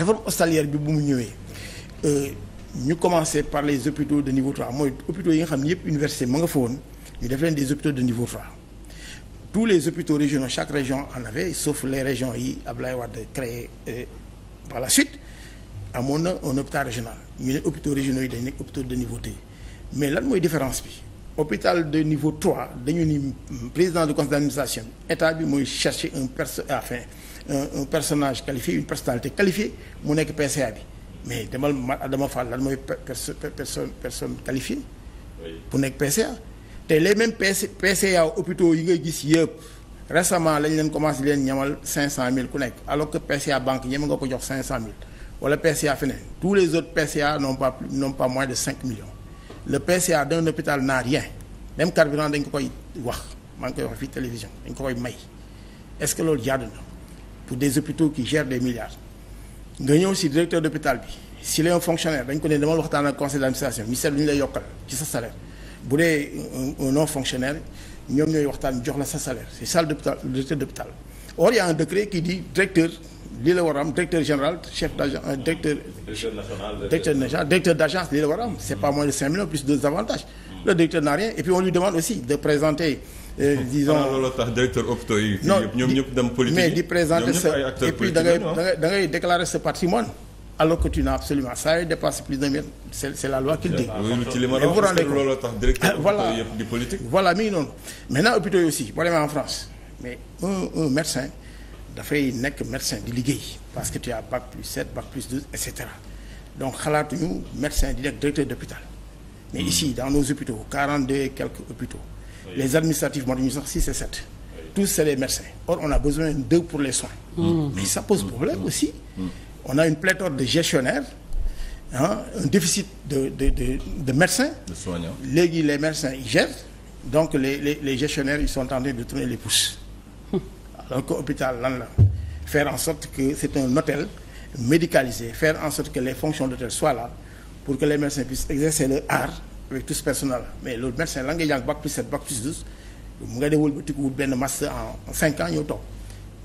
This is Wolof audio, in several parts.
réforme hospitalière bi bu mu ñëwee euh, ñu commencer par les hôpitaux de niveau 3 mooy hôpitaux yi nga xam ne yëpp université ma nga fa woon ñu def leen des hôpitaux de niveau 3 tous les hôpitaux régionaux chaque région en avait sauf les régions yi Abdoulaye Wade créé euh, par la suite amoon na un hôpital régional ñu ne hôpitaux régionaux yi dañ nekk hôpitaux de niveau T mais lan mooy différence bi hôpital de niveau trois dañu ni président du conseil d'administration état bi muy chercher un perso ah, enfin un un personnage qualifié une personnalité qualifiée mu nekk PCA bi mais demal ma Adama Fall lan mooy perso personne personne qualifiée. bu nekk PCA. te les mêmes PC PCA hôpitaux yi ngay gis yëpp récemment lañ leen commencé leen ñamal cinq cent mille ku nekk alors que PCA banque ñeme nga ko jox cinq cent mille wala PCA feneen tous les autres PCA non pas n'ont pas moins de cinq millions. le PCA d'un hôpital n'a rien même carburant dañ ko koy wax maa ngi koy wax fii télévision dañ ko koy may est-ce que loolu jaadu na pour des hôpitaux qui gèrent des milliards nga ñëw si directeur d'hôpital bi si est un fonctionnaire dañ ko ne dama waxtaan ak conseil d'administration ministère du ñu la yokkal ci sa salaire bu dee non fonctionnaire ñoom ñooy waxtaan jox la sa salaire si ça le directeur d'hôpital or il y a un décret directeur lii la war a am directeur général chef d' euh, directeur. directeur national directeur la war am. c' pas moins de 5 millions plus deux avantages. Hmm. le directeur n'a rien et puis on lui demande aussi de présenter. Euh, disons ah tax directeur hôpitaux yi. non ñoom ñëpp dem politique mais di présenter sa et puis ah. da ngay da ngay déclarer ce patrimoine alors que tu n'as absolument ça dépasse plus d'un million c'est la loi qui dit. vous rendez loolu tax ah, voilà yëpp di politique. voilà mi ngi aussi boo demee dafay nekk médecin di liggéey parce que tu as bac plus 7 bac plus 12 et cetera donc xalaatuñu médecin di nekk directeur d'hôpital mais ici hmm. dans nos hôpitaux 42 et quelques hôpitaux les administratifs moo ñu sax 6 et 7 tous c'est les médecins or on a besoin d'eux pour les soins hmm. Hmm. mais ça pose problème aussi on a une pléthore de gestionnaires ah un déficit de de de de médecins léegi les médecins ils gèrent donc les les les gestionnaires ils sont en train de tourner les pouces donc hôpital lan la faire en sorte que c'est un hôtel médicalisé faire en sorte que les fonctions d'hôtel soient là pour que les médecins puissent exercer leur art avec tout ce personnel mais loolu médecin la ngay jàng bac plus 7 bac plus 12 mu nga dee wëlbatiku wut benn master en 5 ans ñëw toog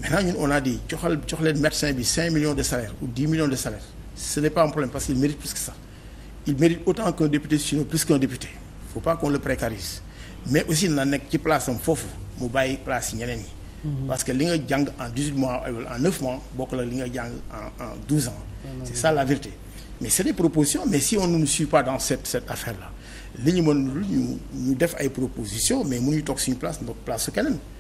maintenant ñun on a dit joxal jox leen médecin bi 5 millions de salaire ou 10 millions de salaire ce n'est pas un problème parce qu'il mérite plus que ça il mais aussi na nekk ci place am foofu mu bàyyi place yi yi Mhm. parce que li nga jàng en dix huit mois en neuf mois bokk la li nga jàng en douze ans. Mhm. c'est ça la vérité mais c'est des propositions mais si on ne nous pas dans cette affaire là li ñu mën lu ñu ñu def ay propositions mais mënuñu toog suñu place ndox place su keneen.